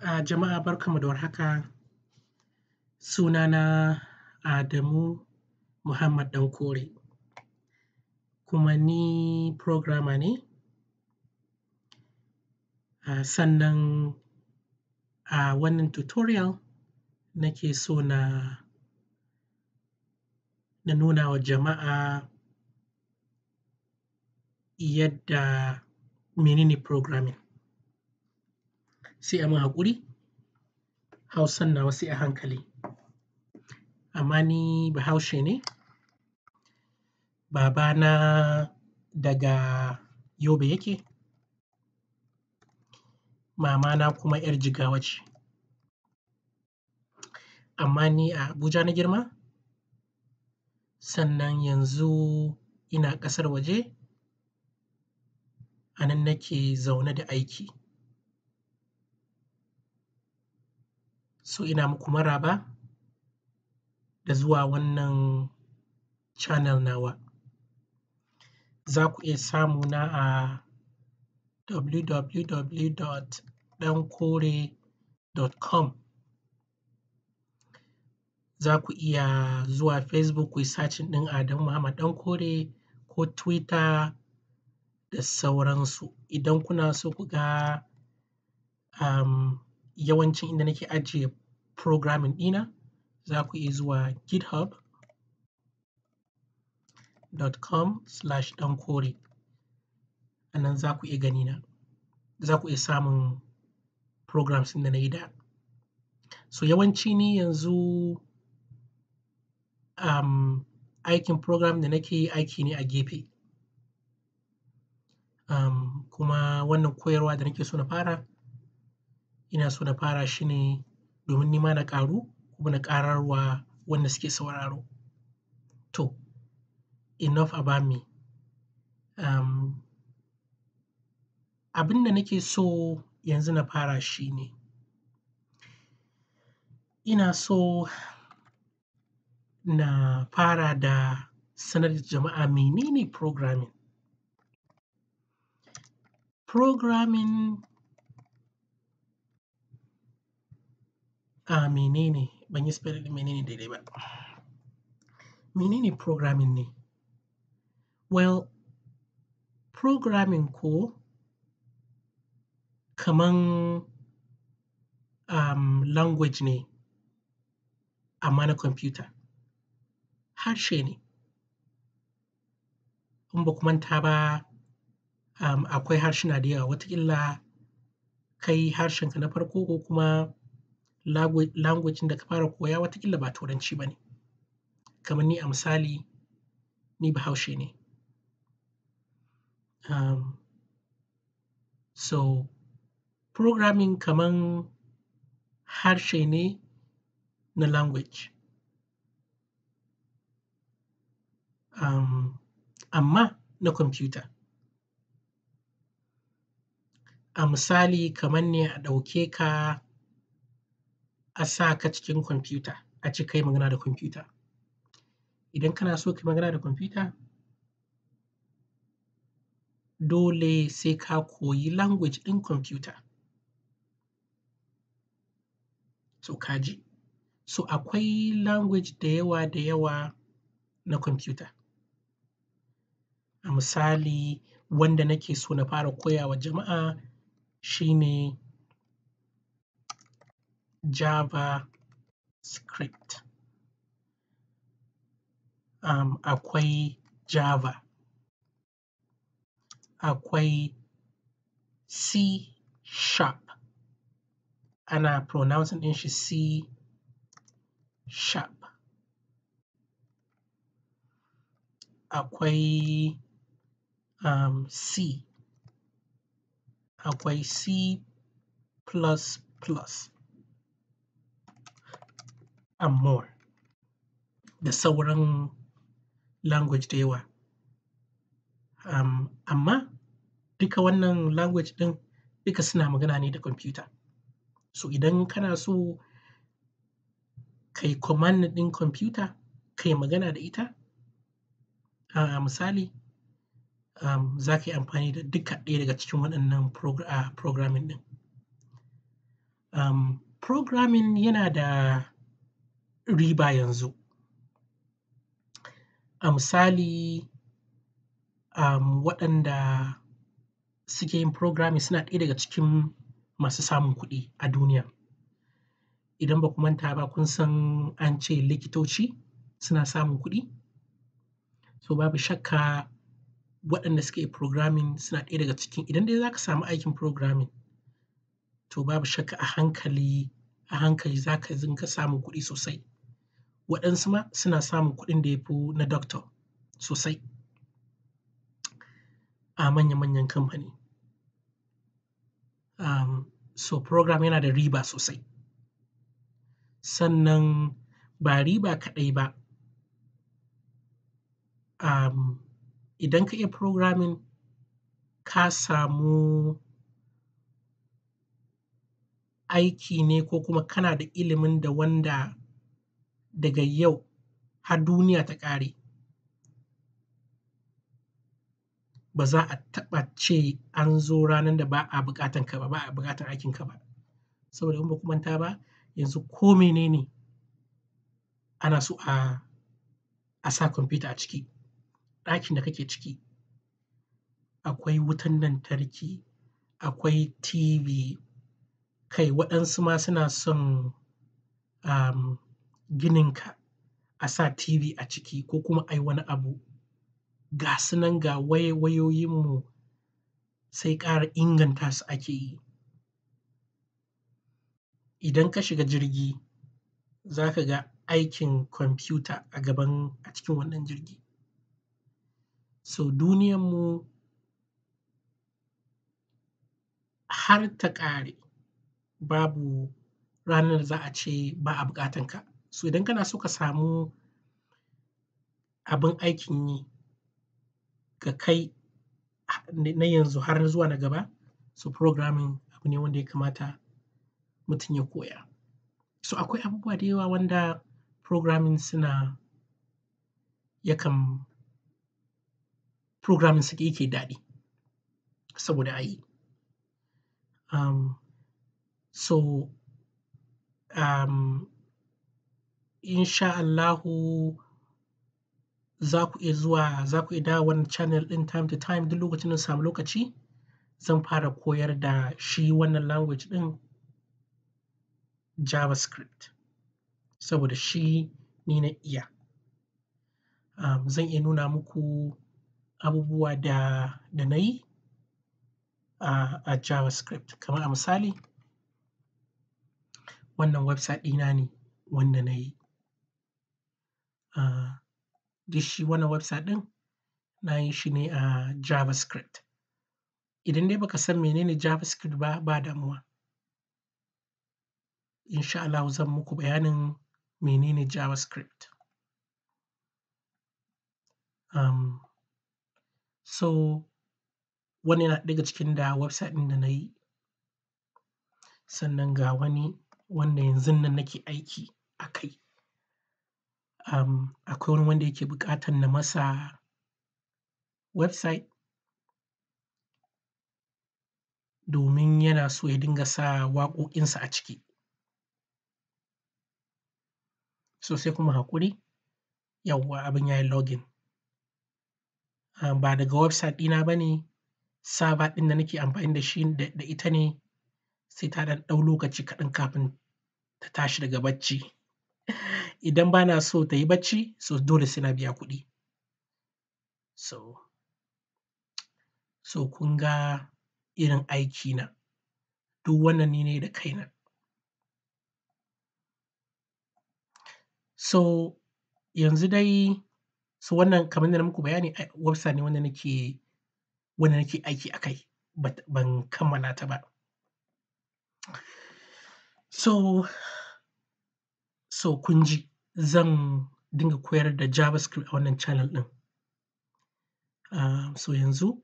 A jama'a barkanmu da warhaka sunana Adamu Muhammad Ɗankore kuma ni programmer ne a sannan a wannan tutorial nake so na na nuna wa jama'a yadda menene ne programming sai a min haƙuri hausan nawa sai a hankali amma ni bahaushe ne babana daga yobe yake mamana kuma 'yar jigawa ce amma ni a abuja na girma sannan yanzu ina ƙasar waje Anan nake zaune da aiki So ina muku maraba da zuwa wannan channel nawa. Za ku iya samu na a www.dankore.com. Za ku iya zuwa Facebook ku yi sacin ɗin Adamu Muhammad Ɗankore ko Twitter da sauransu. Idan kuna so ku ga um, yawancin inda nake ajiye programming ɗina za ku iya zuwa github.com slash ɗan kore a nan za ku iya gani na za ku iya samun programs da na yi da so yawanci ni yanzu um, aikin program da nake yi aiki ne a gefe um, kuma wannan koyarwa da nake so na fara ina so na fara shi ne domin nima na ƙaru kuma na ƙararwa wanda suke sauraro. To, enough about me. Um, abin da nake so yanzu na fara shi ne ina so na fara da sanar da jama'a menene programming. Programming a menene ban yi spelling menene daidai ba menene programming ne well programming ko kaman um, language ne amma na computer harshe ne in ba ta ba um, akwai harshen da yawa watakila kai harshenka na farko ko kuma language da ka fara koya wata watakila ba turanci ba ne kamar ni a misali ni bahaushe ne um, so programming kamar harshe ne na language um, amma na computer a misali kamar ne a ɗauke ka a sa ka cikin kwamfuta a cikai kai magana da kwamfuta idan kana so ka magana da kwamfuta dole sai ka koyi language ɗin kwamfuta so kaji so akwai language da yawa da yawa na kwamfuta a misali wanda nake so na fara koyawa jama'a shine javascript um, akwai java akwai c sharp ana pronouncing din c sharp akwai um, c akwai c plus plus and more da sauran language da yawa um, amma duka wannan language ɗin duka suna magana ne da computer so idan kana so kai command ɗin computer kai magana da ita a uh, misali um, za ka yi amfani da duka ɗaya daga cikin waɗannan progr uh, programming ɗin um, programming yana da riba yanzu a misali um, waɗanda suke yin programming suna ɗaya daga cikin masu samun kuɗi a duniya idan ba ku manta ba kun san an ce likitoci suna samun kuɗi so babu shakka waɗanda suke programming suna ɗaya daga cikin idan dai za ka samu aikin programming to babu shakka a hankali a hankali za ka zinka samun kuɗi sosai waɗansu ma suna samun kuɗin da ya fi na doctor sosai a manya-manyan kamfani um, so program yana da riba sosai sannan ba riba kaɗai ba um, idan ka iya programming ka samu aiki ne ko kuma kana da ilimin da wanda daga yau har duniya ta ƙare ba za a taɓa ce an zo ranar da ba a buƙatan ka ba ba a buƙatan aikin ka ba saboda in ba ku manta ba yanzu ko menene ana so a a sa kwamfuta a ciki ɗakin da kake ciki akwai wutan lantarki akwai tv kai waɗansu ma suna son um, gininka a sa TV a ciki ko kuma ai wani abu ga su nan ga wayoyinmu sai ƙara inganta su ake yi idan ka shiga jirgi za ka ga aikin kwamfuta a gaban a cikin wannan jirgi so mu har ta ƙare babu ranar za a ce ba a buƙatan ka So idan kana so ka samu abin aikin yi ga kai na yanzu har zuwa na gaba so programming abu ne wanda ya kamata mutum ya koya. So akwai abubuwa da yawa wanda programming suna yakan programming suke yake daɗi saboda ayi. Um, so um, insha Allahu za ku iya zuwa za ku iya dawo wannan channel din time to time duk lokacin da na samu lokaci zan fara koyar da shi wannan language ɗin JavaScript saboda shi ni na iya. Um, zan iya nuna muku abubuwa da, da na yi a JavaScript kamar a misali wannan website ɗina ne wanda na yi Ah, duk shi wannan website ɗin na yi shi ne a JavaScript. Idan dai baka san menene JavaScript ba, ba damuwa. Insha Allah zan muku bayanin menene JavaScript. Um, so wani yana daga cikin da website ɗin da na yi. Sannan ga wani wanda yanzun nan nake aiki a kai. um, akwai wani wanda yake buƙatar na masa website domin yana so ya dinga sa waƙoƙinsa a ciki so sai kuma haƙuri yawwa abin ya yi login um, ba daga website ɗina ba ne saba ɗin da nake amfani da shi da ita ne sai ta ɗan ɗau lokaci kaɗan kafin ta tashi daga bacci idan ba na so ta yi bacci so dole sai na biya kuɗi so so kun ga irin aiki na duk wannan ni ne da kaina so yanzu dai so wannan kamar da muku bayani website ne wanda nake wanda nake aiki a kai ban kammala ta ba so so kun ji zan dinga koyar da JavaScript a wannan channel ɗin. Uh, so yanzu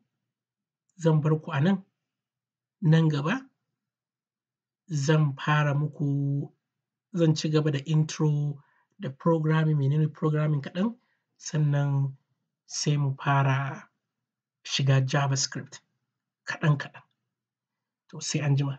zan bar ku a nan, nan gaba zan fara muku zan ci gaba da intro da programming menene programming kaɗan sannan sai mu fara shiga JavaScript kaɗan kaɗan. To sai anjima.